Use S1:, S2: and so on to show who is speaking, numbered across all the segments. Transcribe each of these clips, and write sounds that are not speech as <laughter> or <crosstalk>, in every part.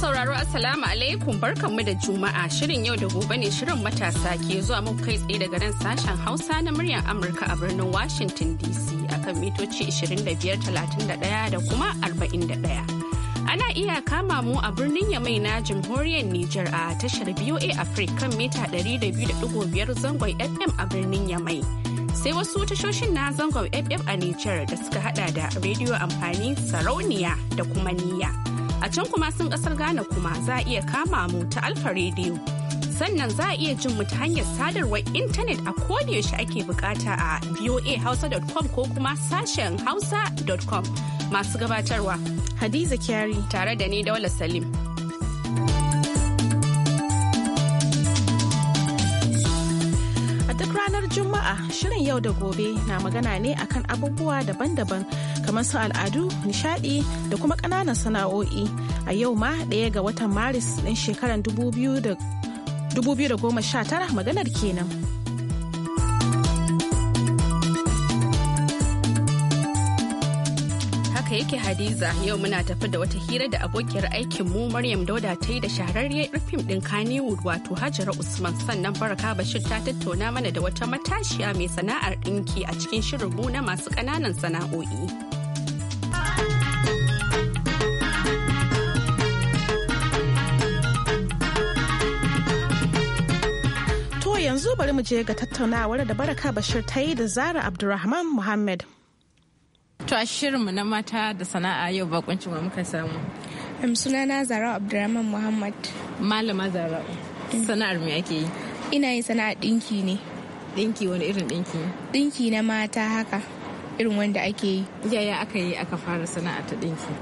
S1: sauraro Assalamu alaikum barkanmu da Juma'a shirin yau da gobe ne shirin matasa ke zuwa muku kai tsaye daga nan sashen Hausa na muryar Amurka a birnin Washington DC akan mitoci 2531 da kuma 41. Ana iya kama mu a birnin Yamai na jamhuriyar Nijar a tashar BOA Africa kan mita 200.5 zangon FM a birnin Yamai. Sai wasu tashoshin na zangon FM a Nijar da suka hada da rediyo amfani sarauniya da kuma niyya. A can kuma sun kasar Ghana kuma za a iya kama mu ta Alfa Radio. Sannan za a iya jin mu ta hanyar sadarwar intanet a yaushe ake bukata a voahausa.com ko kuma sashen hausa.com. Masu gabatarwa. Hadiza Kyari. Tare da ni Daula Salim. A duk ranar
S2: Juma'a shirin yau da gobe na magana ne akan abubuwa daban-daban kamar su al'adu nishadi da kuma kananan sana'o'i a yau ma ɗaya ga watan maris ɗin shekarar 2019 maganar kenan.
S1: haka yake Hadiza yau muna tafi da wata hira da abokiyar aikin mu Maryam Dauda ta yi da shahararriyar fim din kaniwood wato Hajara Usman sannan Baraka Bashir ta tattauna mana da wata matashiya mai sana'ar ɗinki a cikin shirin na masu ƙananan sana'o'i.
S2: yanzu bari mu je ga tattaunawar da Baraka Bashir ta yi da Zara Abdulrahman Muhammad. To a shirinmu na mata da sana'a yau bakuncin wa muka samu. Um, sunana Zara Abdulrahman Muhammad. Malama Zara. Mm. Sana'ar me ake yi? Ina
S3: yin sana'ar dinki ne. Dinki wani irin dinki? Dinki na mata haka. irin wanda ake yi yaya aka yi aka fara sana'a ta dinki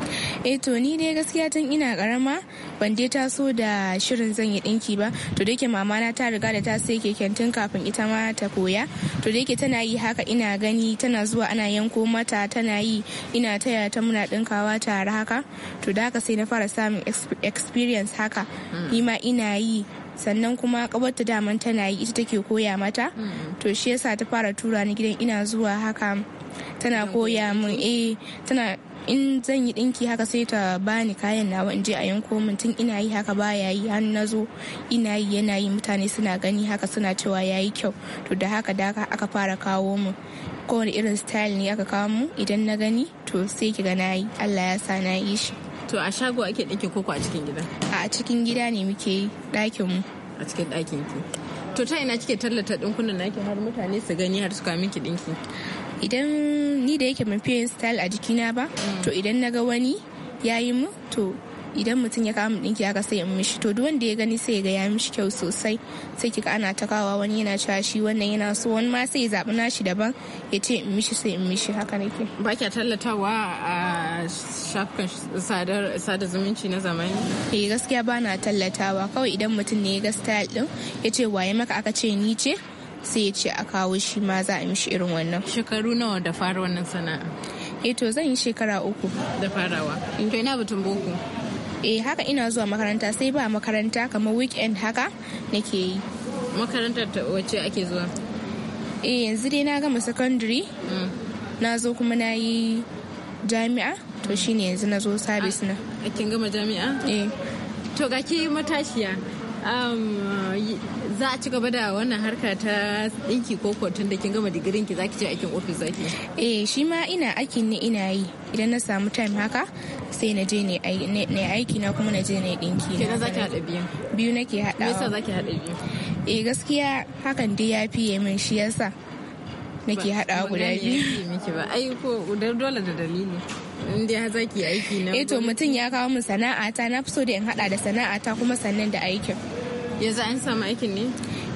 S3: eh to ni dai gaskiya tun ina karama ban dai taso da shirin zan yi dinki ba to da yake mama na ta riga da ta sai keken tun kafin ita ma ta koya to da yake tana yi haka ina gani tana zuwa ana yanko mata tana yi ina taya ta muna dinkawa tare haka to da haka sai na fara samun experience haka hmm. ni ma ina yi sannan kuma kabarta daman tana yi ita take koya mata hmm. to shi yasa ta fara tura ni gidan ina zuwa haka tana koya mun eh tana in zan yi dinki haka sai ta bani kayan nawa in je a yanko mun tun ina yi haka baya yi an nazo ina yi yana yi mutane suna gani haka suna cewa yayi kyau to da haka da aka fara kawo mu kowane irin style ne aka kawo mu idan na gani to sai kiga na yi Allah ya sa na yi shi to a shago ake dinki koko a cikin gida a cikin gida ne muke yi ɗakin mu a cikin ɗakin ki to ta ina kike tallata dinkunan naki har mutane su gani har su kawo miki dinki idan ni da yake mafi fiye style a jikina ba to idan na ga wani ya yi mu to idan mutum ya kama ɗinki aka sai in mishi to duk wanda ya gani sai ya ga ya mishi kyau sosai sai kika ana takawa wani yana cewa shi wannan yana so wani ma sai ya zaɓi nashi daban ya ce in mishi sai in mishi haka nake ba kya tallatawa a shafukan sada zumunci na zamani ke eh, gaskiya ba na tallatawa kawai idan mutum ne ya ga style din ya ce waye maka aka ce ni ce sai ya ce a kawo shi ma za a mishi irin wannan shekaru nawa da fara wannan sana'a eh to zan yi shekara uku da farawa to ina batun boko eh haka ina zuwa makaranta sai ba makaranta kamar weekend haka nake yi
S2: makarantar wacce ake zuwa
S3: eh yanzu dai na gama secondary mm. na zo kuma na yi jami'a to mm. shine yanzu na zo sabis na kin gama jami'a eh to ga ke matashiya
S2: um, za a ci gaba da wannan harka ta ɗinki ko kwantar da kin gama digirin ki zaki je aikin ofis zaki
S3: eh shi ma ina aikin ne ina yi idan na samu time haka sai na je ne aiki na kuma na je ne ɗinki na zaki haɗa biyu biyu nake haɗa me yasa zaki haɗa biyu eh gaskiya hakan dai ya fiye min shi yasa nake haɗawa guda biyu Ba
S2: miki ai ko dole da dalili inda
S3: ya zaki aiki na eh to mutum ya kawo min sana'a ta na fi so da in haɗa da sana'a ta kuma sannan da aikin yanzu an samu aikin ne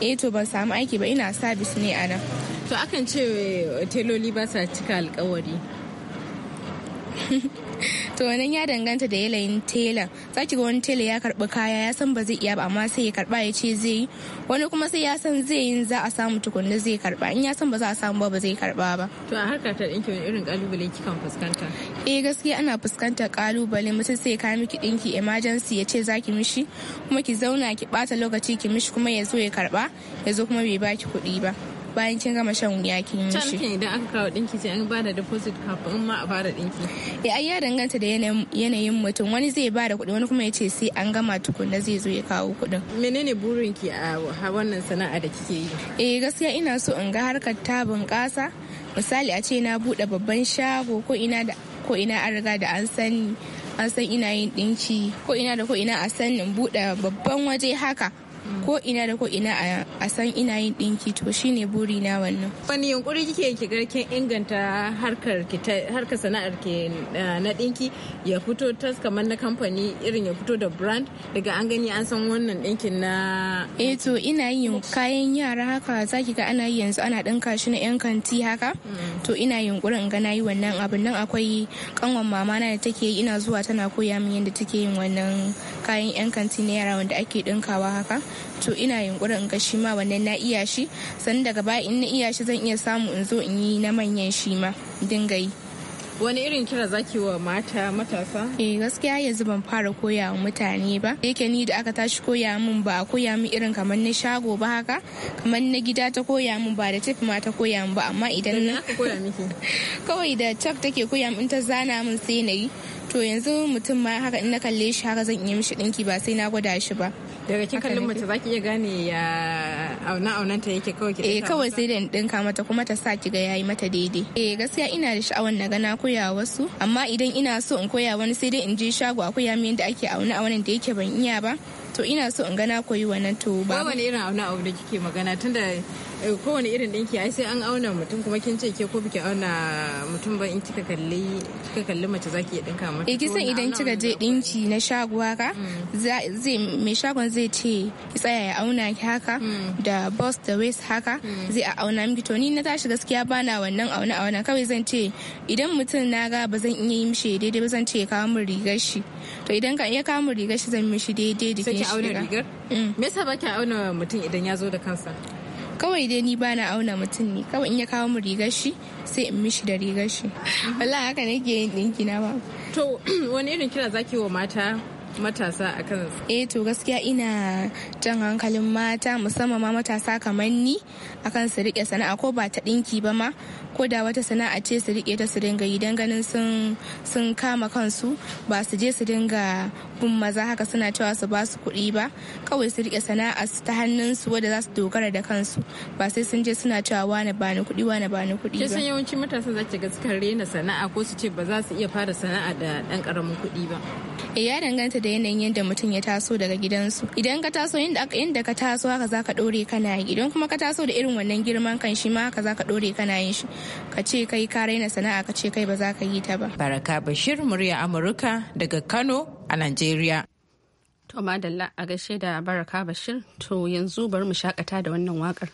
S3: eh to ban samu aiki ba ina sabis ne a nan
S2: to akan ce eh, teloli ba sa cika alkawari
S3: <laughs> to nan ya danganta da yanayin tela zaki ga wani tela ya karbi kaya ya san ba zai iya ba amma sai ya karba ya ce zai yi wani kuma sai ya san zai yin za a samu tukunna zai karba in ya san ba za a samu ba ba zai karba ba
S2: to a harkar ta dinki wani irin kalubale kika fuskanta
S3: eh gaskiya ana fuskantar kalubale mutum sai ka miki dinki emergency ya ce zaki mishi kuma ki zauna ki bata lokaci ki mishi kuma ya zo ya karba ya zo kuma bai baki kuɗi ba bayan kin gama shan wuya kin yi shi can idan aka kawo dinki sai an bada deposit kafin ma a da dinki Ya eh, ai ya danganta da yanayin mutum wani zai bada kuɗi wani kuma ya ce sai an gama tukunna zai zo ya kawo kuɗin menene burinki a wannan sana'a da kike yi eh gaskiya ina so in ga harkar ta bunƙasa misali a ce na buɗe babban shago ko ina da ko ina an riga da an sani an san ina yin ɗinki ko ina da ko ina a sanin buɗe babban waje haka ko ina da ko ina a san ina yin dinki to shine buri na wannan
S2: wani yunkuri kike ki garken inganta harkar harkar sana'ar ki eh, na dinki ya fito tas kamar na kamfani irin ya fito da brand daga an gani an san wannan
S3: dinkin na eh to ina yin kayan yara haka zaki ga ana yanzu ana dinka shi na yan kanti haka mm. to ina yunkurin in ga nayi wannan abin nan akwai kanwan mama na da take yi ina zuwa tana koya min yadda take yin wannan kayan yan kanti na yara wanda ake dinkawa haka to ina yunkurin in ga shi ma wannan na iya shi sannan daga baya in na iya shi zan iya samu in zo in yi na manyan shi ma dinga yi wani irin kira zaki wa mata matasa eh gaskiya yanzu ban fara koya wa mutane ba yake ni da aka tashi koya min ba a koya min irin kamar na shago ba haka kamar na gida ta koya min ba da tafi ma ta koya min ba amma idan na koya miki <laughs> kawai da tak take koya min ta zana min sai na yi to yanzu mutum ma haka in na kalle shi haka zan iya mishi dinki ba sai na gwada shi ba daga kin kallon mace
S2: zaki iya gane ya auna aunanta yake kawai ki eh kawai sai
S3: da dinka mata kuma ta sa ki ga yayi mata daidai eh gaskiya ina da sha'awar na gana koya wasu amma idan ina so in koya wani sai dai in je shago akwai koya min yadda ake auna aunan da yake ban iya ba to ina so in gana na koyi wannan to ba wani irin auna abu da kike magana tunda kowane irin ɗinki ai sai
S2: an auna mutum kuma kin ce ke ko biki auna mutum ba in kika kalli kika kalli mace zaki iya
S3: dinka mata. Eh kisan idan kika je dinki na shagowa ka mm. zai mai shagon zai ce ki tsaya ya auna ki haka mm. da bus da waist haka mm. zai a auna miki to ni na tashi gaskiya bana wannan auna auna kawai zan ce idan mutum na ga ba zan iya yi mishi daidai ba zan ce ya kawo min rigar shi to idan ka iya kawo min rigar shi zan mishi daidai jikin shi. Sai ki auna rigar? Me
S2: yasa ba ki auna mutum idan ya zo da kansa?
S3: kawai dai ni bana auna mutum ne kawai in ya kawo mu rigar shi sai in mishi da rigar shi wallahi haka nake yin dinki na ba to <clears throat> wani irin kira zaki wa
S2: mata matasa a kan
S3: eh to gaskiya ina jan hankalin mata musamman ma matasa kamar ni kan su rike sana'a ko ba ta dinki ba ma ko da wata sana'a ce su rike ta su dinga yi dan ganin sun kama kansu ba su je su dinga bin maza haka suna cewa su ba su kuɗi ba kawai su rike sana'a ta hannunsu su za su dogara da kansu ba sai sun je suna cewa wani ba ni kuɗi wani ba ni kuɗi ba kisan
S2: yawanci matasa za ki ga rena sana'a ko su ce ba za su iya fara sana'a da ɗan karamin kuɗi ba
S3: eh, ya danganta da yanayin yadda mutum ya taso daga gidansu idan ka taso inda ka taso haka za ka ɗore kana yi idan kuma ka taso da irin wannan girman kan shi ma haka za ka ɗore kana yin shi ka ce kai ka raina sana'a ka ce kai ba za ka yi ta ba.
S2: baraka bashir murya amurka daga kano a nigeria.
S3: to madalla a gaishe da
S1: baraka bashir to yanzu bari mu shakata da wannan wakar.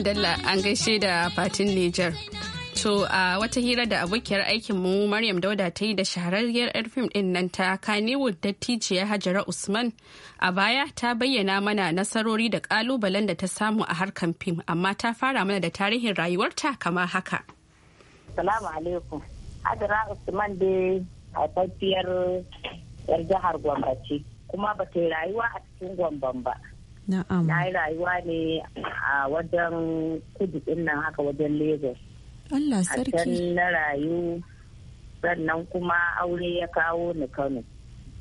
S1: dalla an gaishe da fatin Nijar. To a wata hira da abokiyar aikinmu Maryam Dauda ta yi da shahararriyar 'yar fim ɗin nan ta Kannywood ya Hajara Usman a baya ta bayyana mana nasarori da kalubalen da ta samu a harkan fim amma ta fara mana da tarihin rayuwarta kamar haka.
S4: Salamu alaikum. Hajara Usman dai haifaffiyar 'yar jihar Gwamba ce kuma ba ta yi rayuwa a cikin Gwamban ba.
S5: na yi
S4: rayuwa ne a wajen kudu din nan haka wajen lagos Allah
S6: sarki
S4: na rayu sannan kuma aure ya kawo ni kano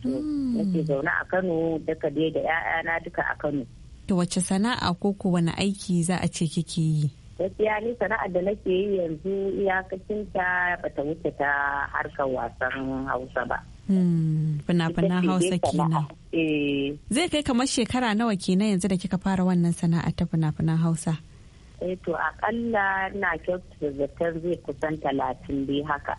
S5: hmm. nake
S4: zaune a kano duka dai da 'ya'yana duka a kano
S5: to wace sana'a ko ko wani aiki za a ce kike yi
S4: gaskiya ni sana'ar da nake yi yanzu iyakacinta bata wuce ta harkar wasan hausa ba
S5: fina fina hausa kenan
S4: eh.
S5: zai kai kamar shekara nawa kenan yanzu da kika fara wannan sana'a ta fina-finan hausa
S4: eh to akalla na kyautata zaton zai kusan talatin dai haka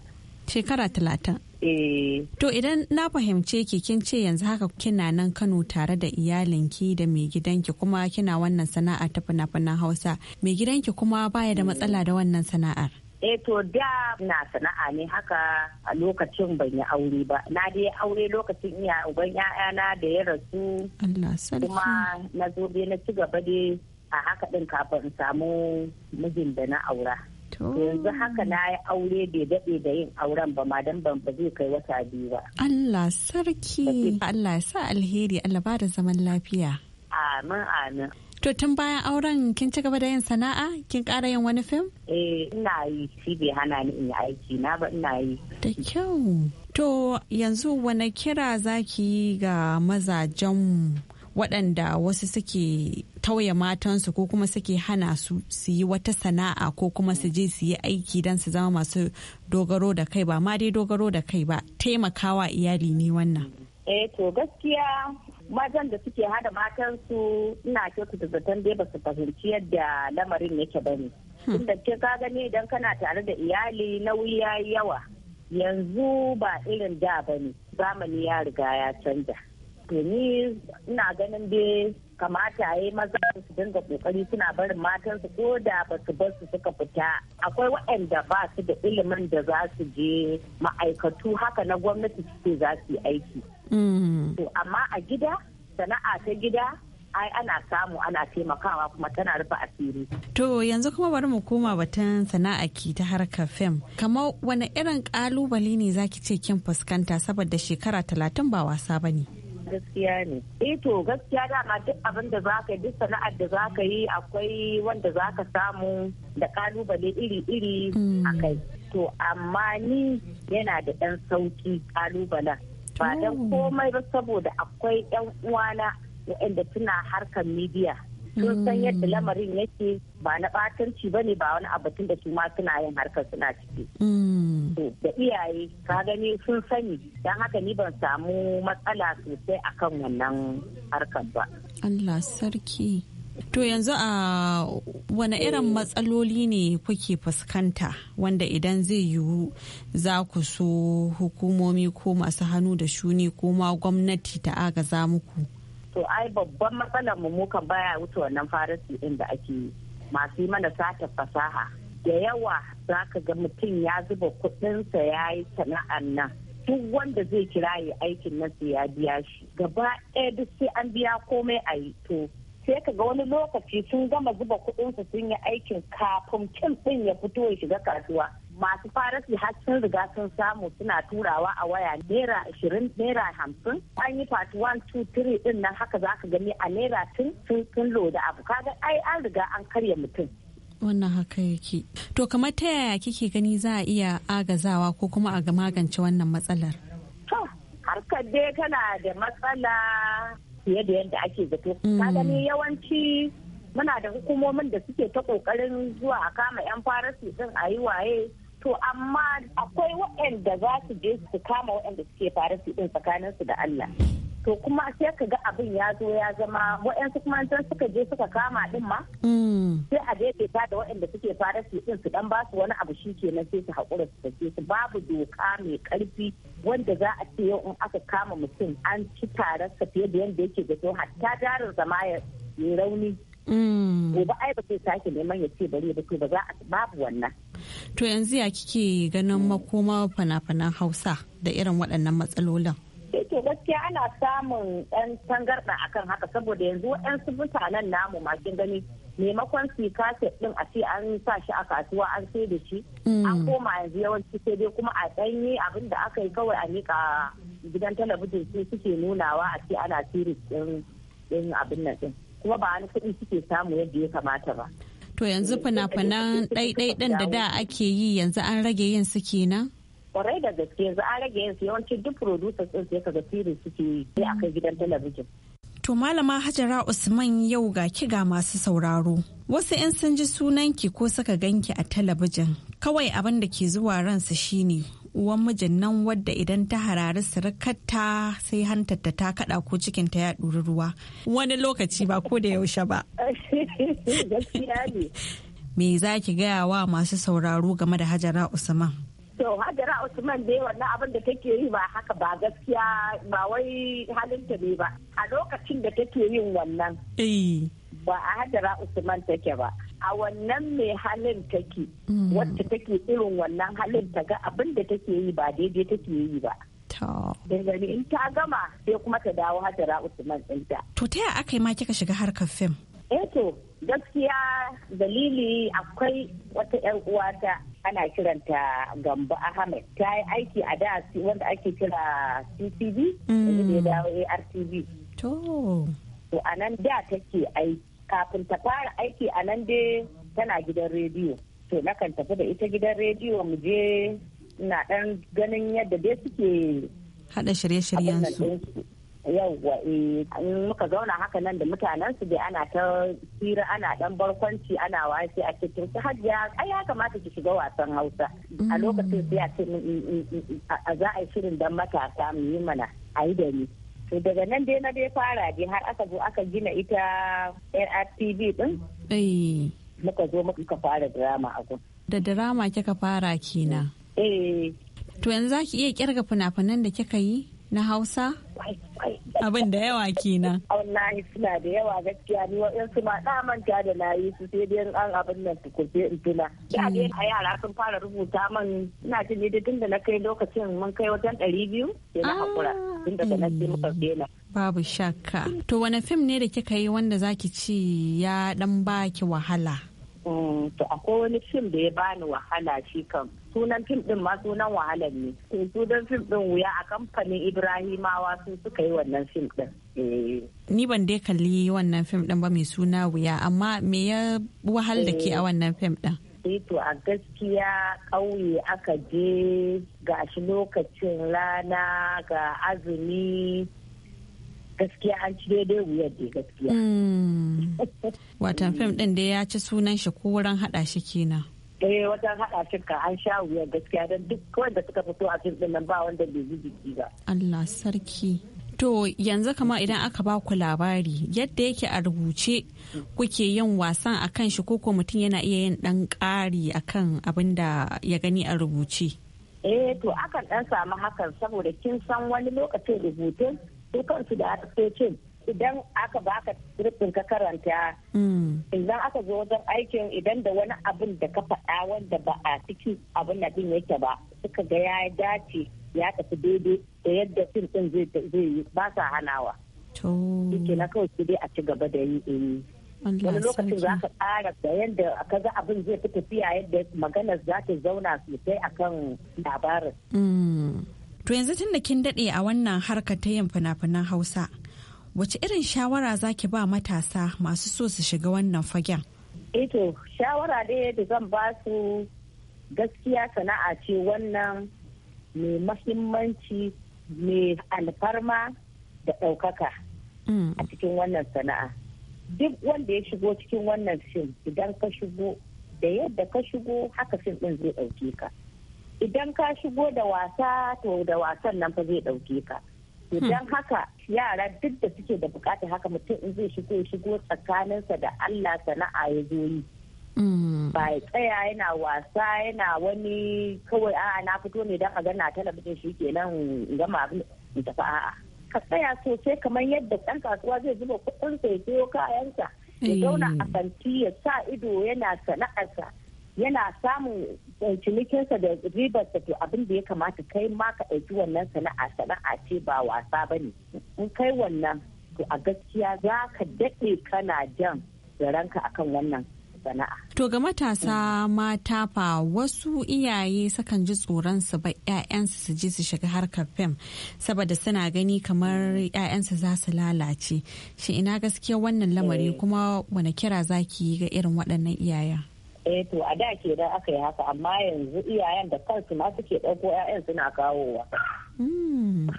S5: shekara talatin eh to idan na fahimce ki kin ce yanzu haka kina nan kano tare da iyalinki da mai gidanki kuma kina wannan sana'a ta fina-finan hausa mai gidanki kuma baya da matsala da wannan sana'ar
S4: eh to da na sana'a ne haka a lokacin ban yi aure ba na dai aure lokacin iya uban ya'yana da ya rasu kuma na zobe na ci gaba dai a haka din kafin in samu mijin da na aura yanzu haka na yi aure bai daɗe da yin auren ba ma dan ban ba zai kai wata biyu ba
S5: Allah sarki Allah ya sa alheri Allah ba da zaman lafiya
S4: amin amin
S5: To tun bayan auren kin ci gaba da yin sana'a kin ƙara yin wani fim? Eh ina yi shi
S4: bai hana ni in yi aiki na ba ina yi.
S5: Da kyau. To yanzu wani kira zaki yi ga mazajen waɗanda wasu suke tauye matansu ko kuma suke hana su su yi wata sana'a ko kuma su je su yi aiki don su zama masu dogaro da kai ba ma dai dogaro da kai ba taimakawa iyali ne wannan.
S4: Eh to gaskiya matan da suke hada matansu ina kyautata zaton dai ba su fahimci yadda lamarin yake ba ne. Hmm. Tunda ke ka gani idan kana tare da iyali nauyi ya yawa yanzu ba irin da ba ne zamani ya riga ya canza. To ni ina ganin dai kamata a yi maza su dinga kokari suna barin matansu ko da ba su bar su suka fita akwai waɗanda ba su da ilimin da za su je ma'aikatu haka na gwamnati suke za su yi aiki Mm. To amma a gida sana'a ta gida ai ana samu ana taimakawa kuma tana rufe asiri.
S5: To yanzu kuma bari mu koma batun sana'a ki ta harkar fim. Kamar wani irin kalubale ne zaki ce kin fuskanta saboda shekara talatin ba wasa ba ne.
S4: gaskiya ne. Eh to gaskiya dama duk abin da za ka yi duk sana'ar da za ka yi akwai wanda za ka samu da kalubale iri-iri mm. a kai. To amma ni yana da ɗan sauki kalubalen. ba mm. don komai ba saboda akwai yan uwana waɗanda suna harkar midiya sun san mm. yadda lamarin yake ba na batanci ba ne ba wani abatun da su ma suna yin harkar suna ciki. Mm. Da iyaye ka gani sun sani don haka ni ban samu matsala sosai akan wannan harkar ba.
S5: Allah sarki. To yanzu a wane irin matsaloli ne kuke fuskanta wanda idan zai yiwu za ku so hukumomi ko masu hannu da shuni ko ma gwamnati ta agaza muku?
S4: To ai babban matsalar mu baya wuce wannan farasi din da ake yi masu yi mana sata fasaha. Da yawa za ka ga mutum ya zuba kuɗinsa ya yi sana'ar nan. Duk wanda zai kira ya aikin nasu ya biya shi. Gaba ɗaya duk sai an biya komai a yi to sai ka ga wani lokaci sun gama zuba kuɗinsu sun yi aikin kafin kin ɗin ya fito ya shiga kasuwa masu farasi har sun riga sun samu suna turawa a waya naira ashirin naira hamsin an yi part one two three din nan haka za ka gani a naira tun sun loda abu kaga ai an riga an karya mutum
S5: wannan haka yake to kamar ta yaya kike gani za a iya agazawa ko kuma a magance wannan matsalar to
S4: harkar dai tana da matsala fiye da yadda ake zato ka mm. gani yawanci muna da hukumomin da suke ta kokarin zuwa a kama yan farasi din a yi waye to amma akwai waɗanda za su je su kama waɗanda suke farasi din tsakaninsu da Allah to kuma sai ka ga abin ya zo ya zama waɗansu kuma don suka je suka kama din ma
S6: mm.
S4: sai a ta da waɗanda suke fara su din su dan basu wani abu shi ke nan sai su haƙura su sake su babu doka mai ƙarfi wanda za a ce yau in aka kama mutum an ci tare sa fiye da yadda yake zato hatta jarin zama ya rauni mm. gobe ai ba sai sake neman ya ce bari ba to ba za a babu wannan
S5: to yanzu ya kike ganin makoma fana-fanan hausa da irin waɗannan matsalolin
S4: Eh, to gaskiya ana samun yan tangarɗa akan haka saboda yanzu waɗansu mutanen namu makin gani maimakon su kaset ɗin a ce an sa shi a kasuwa an sai da shi mm. an koma yanzu yawanci sai dai kuma a ɗanyi abin da aka yi kawai a nika gidan talabijin su suke nunawa a ce ana siri ɗin abin nan ɗin kuma ba wani kuɗi suke samu yadda ya kamata ba.
S5: To yanzu eh, fina-finan eh, ɗaiɗai ɗin da da ake yi yanzu an rage yin su kenan?
S4: kwarai da gaske za an rage yin yawancin duk producers din sai kaga series suke yi sai a kai gidan talabijin
S5: To Malama Hajara Usman yau ga kiga masu sauraro. Wasu 'yan sun ji sunanki ko suka ganki a talabijin. Kawai abin da ke zuwa ransa shine uwan mijin nan wadda idan ta harari sirikarta sai hantarta ta kada ko cikinta ya ɗuri ruwa. Wani lokaci ba ko da yaushe ba. <laughs> <laughs> Me za ki gaya wa masu sauraro game da Hajara Usman?
S4: To Hajara Usman dai wannan abin da take yi ba haka ba gaskiya ba wai halinta ne ba. A lokacin da take yin wannan. Eh. Ba a Hajara Usman take ba. A wannan mai halin take. Hmm. Wacce take irin wannan halin ta ga abin da take yi ba daidai take yi ba. ni in ta gama sai kuma ta dawo Hajara Usman ɗinta.
S5: To ta aka yi ma kika shiga harkar fim?
S4: Eto eh gaskiya dalili akwai wata 'yan uwata ana kiranta Gambo Ahmed ta yi aiki a da wanda ake kira CCB da ya dawo artv To. To a nan da take aiki kafin ta fara aiki a nan dai tana gidan rediyo. To nakan tafi da ita gidan rediyo mu je na dan ganin yadda dai suke
S5: hada shirye-shiryen su.
S4: yawwa eh, in muka zauna haka nan da mutanen su ana ta tsira ana dan barkwanci ana wasi a cikin su hajiya ai ya kamata ki shiga wasan Hausa a mm. lokacin sai a ce mm, mm, za a yi shirin dan matasa mu yi mana a yi da ni to daga nan dai na dai fara dai har aka zo aka gina ita NRTV din eh. muka zo muka fara drama a
S5: da drama kika fara kina eh to yanzu za ki iya kirga fina-finan da kika yi na Hausa? Abin da yawa kenan.
S4: Wallahi suna da yawa gaskiya ni waɗansu ma da manta da na yi su sai dai an abin nan su kurfe in tuna. Ya dai mm. a yara sun fara rubuta man ina jin ne tun da na kai lokacin mun kai wajen ɗari biyu sai na haƙura ah, tun da na muka mm.
S5: Babu shakka. To wani fim ne da kika yi wanda zaki ci ya ɗan baki wahala?
S4: Mm, to akwai wani fim da ya bani wahala shi kan sunan fim din ma sunan wahalar ne sunan fim din wuya a kamfanin ibrahimawa sun suka yi wannan fim din eh.
S5: ni ban dai kalli wannan fim din ba mai suna wuya amma me ya wahal da ke a eh. wannan fim din
S4: eh to a gaskiya ƙauye aka je ga shi lokacin rana ga azumi gaskiya an ci daidai wuyar da gaskiya. Hmm. <laughs>
S5: Watan fim ɗin da ya ci sunan shi ko wurin haɗa shi kenan.
S4: eh wajen haɗa cikin an sha wuyar gaskiya don duk wanda suka fito a fim nan ba wanda bai ji jiki ba.
S5: Allah sarki. To yanzu kama idan aka ba ku labari yadda yake a rubuce kuke yin wasan a kan shi koko mutum yana iya yin ɗan ƙari a kan abin da ya gani a rubuce.
S4: Eh to akan ɗan samu hakan saboda kin san wani lokacin rubutun su kansu da ce. idan aka baka rufin ka karanta mm. idan aka zo wajen aikin idan da wani abin da ka faɗa wanda ba a cikin abin da din yake ba suka ga ya dace ya tafi daidai da yadda fim din zai yi ba sa hanawa yake na kawai su dai a ci gaba da yi eh. wani lokacin za ka tsara da yadda ka ga abin zai fi tafiya yadda maganar za ta zauna sosai a kan labarin
S5: mm. to yanzu tun da kin daɗe a wannan harkar ta yin fina-finan hausa wace irin shawara zaki ba matasa masu so su shiga wannan fagen
S4: eto eh shawara dai da zan ba su gaskiya sana'a ce wannan mai mahimmanci mai alfarma da ɗaukaka mm. a cikin wannan sana'a duk wanda ya shigo cikin wannan fim idan ka shigo da yadda ka shigo haka fim ɗin zai ɗauke ka idan ka shigo da wasa to da wasan nan fa zai ɗauke ka Idan hmm. haka yara duk da suke da bukata haka mutum in zai shigo shigo tsakaninsa da Allah sana'a ya zo yi
S6: hmm. ba
S4: ya tsaya yana wasa yana wani kawai a'a na fito ne don magana talabijin shi kenan in gama abin da tafi a'a ka tsaya sosai kamar yadda ɗan kasuwa zai zuba kuɗin sai kayansa ya zauna a eh. kanti ya sa ido yana sana'arsa yana samun eh, cinikinsa da ribarsa to abin da ya kamata kai ma ka ɗauki wannan sana'a sana'a ce ba wasa ba ne in kai wannan to a gaskiya za ka daɗe kana jan da ranka akan wannan sana'a.
S5: To ga matasa mata fa wasu iyaye sukan ji tsoron su ba 'ya'yansu su je su shiga harkar fim saboda suna gani kamar 'ya'yansu za su lalace. Shi ina gaskiya wannan lamari eh. kuma wani kira zaki ga irin waɗannan iyayen?
S4: eh to a da ke da aka yi haka amma yanzu iyayen da kansu ma suke ɗauko 'ya'yan suna kawowa
S6: hmm.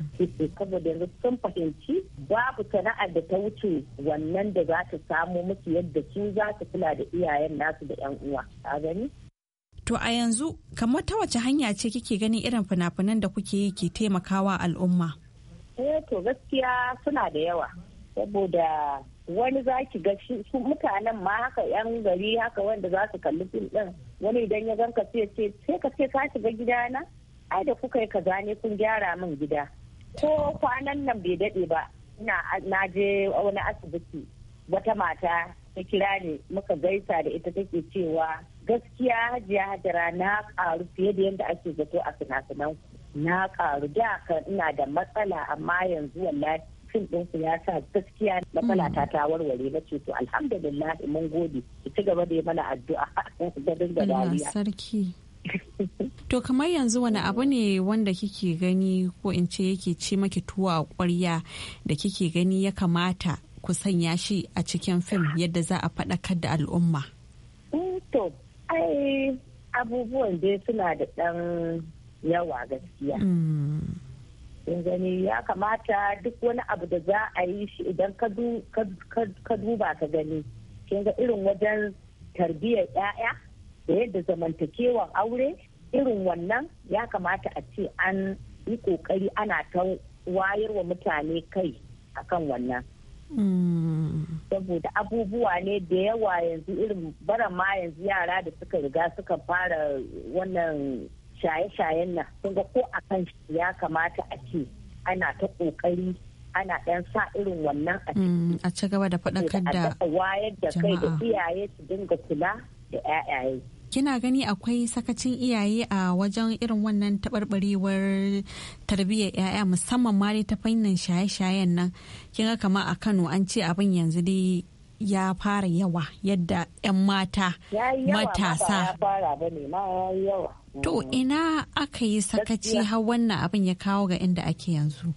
S4: saboda yanzu sun fahimci babu sana'ar da ta wuce wannan da za ta samu musu yadda su za su kula da iyayen nasu da 'yan uwa a gani
S5: To a yanzu kamar ta wace hanya ce kike ganin irin fina-finan da kuke yi ke taimakawa al'umma?
S4: Eh to gaskiya suna da yawa saboda wani za ki ga su mutanen ma haka yan gari haka wanda za su kalli fim din wani idan ya ganka sai ce sai ka ce ka shiga gidana ai da kuka yi kaza ne kun gyara min gida ko kwanan nan bai daɗe ba na je wani asibiti wata mata ta kira ne muka gaisa da ita take cewa gaskiya hajiya hajara na karu fiye da yadda ake zato a sinasinan na karu da ina da matsala amma yanzu wallahi fim ɗin ku ya sa gaskiya matsala ta mm. ta warware na ce to alhamdulillah mun gode ki ci gaba da mana addu'a <laughs> da dinga dariya
S5: sarki <laughs> to kamar yanzu wani abu ne wanda kike gani ko in ce yake ci maki tuwa a ƙwarya da kike gani ya kamata ku sanya shi a cikin fim yadda za a faɗakar da al'umma
S4: eh, to ai abubuwan dai suna da ɗan yawa gaskiya
S6: mm.
S4: in gani ya kamata duk wani abu da za a yi shi idan ka duba ka gani kin ga irin wajen tarbiyyar 'ya'ya da yadda zamantakewan aure irin wannan ya kamata a ce an yi kokari ana ta wayar wa mutane kai akan wannan
S6: hmm.
S4: saboda abubuwa ne da yawa yanzu irin bara ma yanzu yara da suka riga suka fara wannan shaye-shayen nan sun ga ko a kan ya kamata a ce ana ta kokari ana ɗan sa irin wannan a
S5: mm, ci gaba da kan da
S4: wayar da kai da iyaye su dinga kula da 'ya'yaye
S5: kina gani akwai sakacin iyaye a wajen irin wannan taɓarɓarewar tarbiyyar 'ya'ya musamman ma dai ta fannin shaye-shayen nan kin ga kama a kano an ce abin yanzu dai ya fara yawa yadda 'yan mata matasa ya
S4: fara yawa To mm.
S5: ina aka yi sakaci har wannan abin ya kawo ga inda ake yanzu?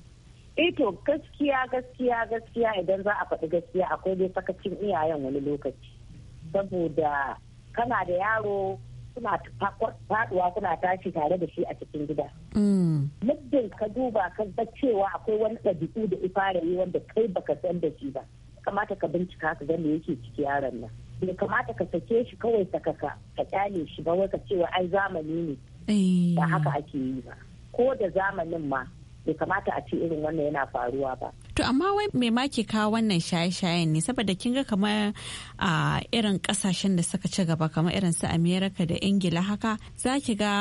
S4: Eh to gaskiya gaskiya gaskiya idan za a faɗi gaskiya akwai dai sakacin iyayen wani lokaci. Saboda kana da yaro suna faɗuwa suna tashi tare da shi a cikin gida. Mm. Muddin ka duba ka ga cewa akwai wani ɗabi'u da ifara yi wanda kai baka san da shi ba. Kamata ka bincika ka ga me yake ciki yaron nan. bai kamata ka sake shi kawai saka ka kyale shi ba wai ka cewa ai zamani ne ba eh. haka ake yi ba ko da zamanin ma bai kamata a ce irin wannan yana faruwa ba.
S5: To amma wai me ma ke kawo wannan shaye-shayen ne saboda kin ga kamar a irin kasashen da suka ci gaba kamar irin su america da Ingila haka za ki ga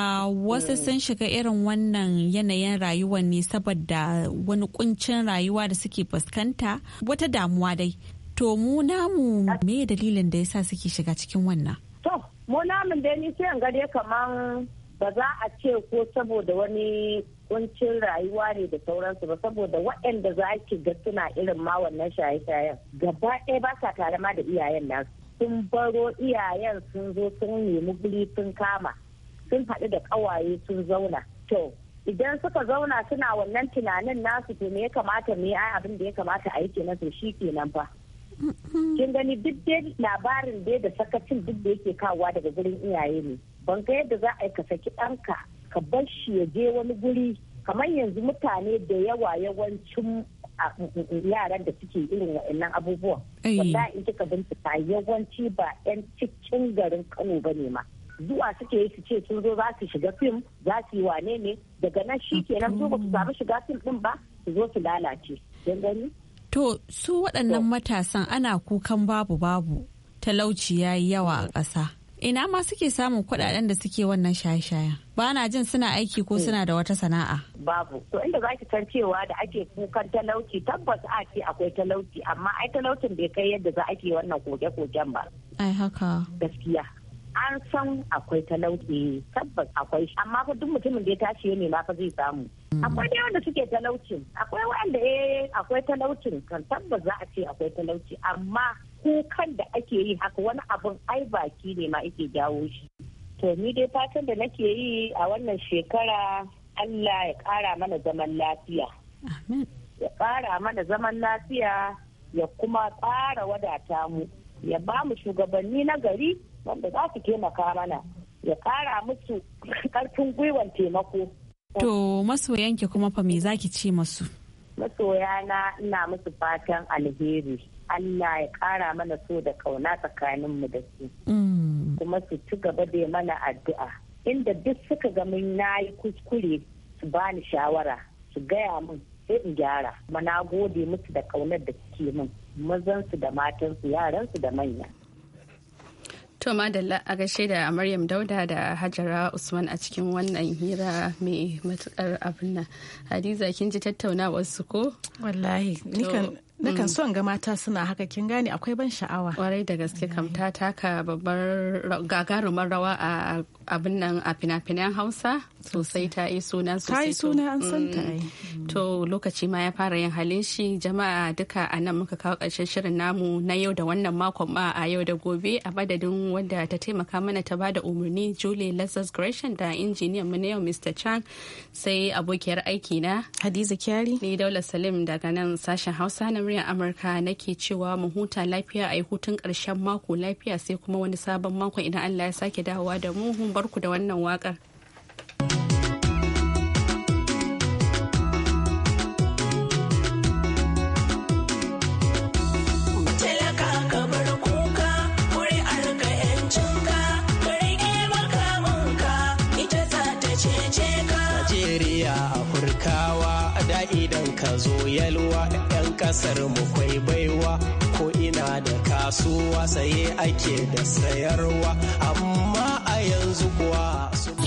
S5: wasu hmm. sun shiga irin wannan yanayin rayuwar ne saboda wani kuncin rayuwa da suke fuskanta wata damuwa dai To mu namu me dalilin da yasa suke shiga cikin wannan? To
S4: mu namun da ni sai ga kaman ba za a ce ko saboda wani kuncin rayuwa ne da sauransu ba saboda waɗanda za ki ga suna irin ma wannan shaye-shayen gaba ɗaya ba sa tare ma da iyayen nasu sun baro iyayen sun zo sun nemi guri sun kama sun haɗu da ƙawaye sun zauna to idan suka zauna suna wannan tunanin nasu to me ya kamata me ai abin da ya kamata a yi kenan to shi kenan fa kin gani duk dai labarin dai da sakacin duk da yake kawowa daga gurin iyaye ne ban ga yadda za a yi ka saki ɗanka ka bar shi ya je wani guri kamar yanzu mutane da yawa yawancin yaran da suke irin wa'annan abubuwan wanda in kika bincika yawanci ba 'yan cikin garin kano ba ne ma zuwa suke yi su ce sun zo za su shiga fim za su yi wane ne daga nan shi kenan su ba su samu shiga fim din ba su zo su lalace don gani
S5: To su waɗannan matasan ana kukan babu babu talauci ya yi yawa a ƙasa. Ina ma suke samun kuɗaɗen da suke wannan shaye shaye Ba na jin suna aiki ko suna da wata sana'a.
S4: Babu. To inda za ki san cewa da ake kukan talauci tabbas a ce akwai talauci amma ai talaucin bai kai yadda za ake wannan koke-koken ba. Ai haka. Gaskiya. an san akwai talauci tabbas akwai amma fa duk mutumin da ya tashi ya nema fa zai samu mm. akwai da wanda suke talaucin akwai wanda eh akwai talaucin kan tabbas za a ce akwai talauci amma kukan da ake yi haka wani abun ai baki ne ma ake jawo shi to ni dai fatan da nake yi a wannan shekara Allah ya kara mana zaman lafiya ya kara mana zaman lafiya ya kuma kara wadata mu ya ba mu shugabanni na gari wanda za su taimaka mana ya kara musu karfin gwiwan taimako.
S5: To masoyanki kuma fa me zaki ce masu?
S4: Masoyana ina musu fatan alheri. Allah ya kara mana so da kauna tsakaninmu da su. Mm. Kuma su ci gaba da mana addu'a. Inda duk suka ga mun nayi kuskure su bani shawara su gaya min sai in gyara. Mana gode musu da kaunar da suke min. Mazansu da matansu yaransu da manya.
S1: To madalla a gaishe da Maryam Dauda da Hajara Usman a cikin wannan hira mai matukar abin nan. Hadiza kin ji tattaunawar wasu ko? Wallahi nikan mm. Nakan son ga mata suna haka kin gane akwai ban sha'awa. Kwarai da gaske kam ta taka babbar gagarumar rawa a abin nan a fina-finan Hausa sosai ta yi suna sosai ta yi suna an san ta mm. yi to lokaci ma ya fara yin halin shi jama'a duka a nan muka kawo ƙarshen shirin namu na yau da wannan makon ma a yau da gobe a madadin wanda ta taimaka mana ta bada umarni Julie Lazarus Gresham da injiniyan mu na yau Mr. Chang sai abokiyar aiki na Hadiza Kyari ni Daula Salim daga nan sashen Hausa na muryar Amurka nake cewa mu huta lafiya a yi hutun ƙarshen mako lafiya sai kuma wani sabon makon idan Allah ya sake dawowa da mu bar ku da wannan waƙar.
S6: idan ka zo yalwa yan kasar mu kwai baiwa ko ina da kasuwa saye ake da sayarwa amma a yanzu kuwa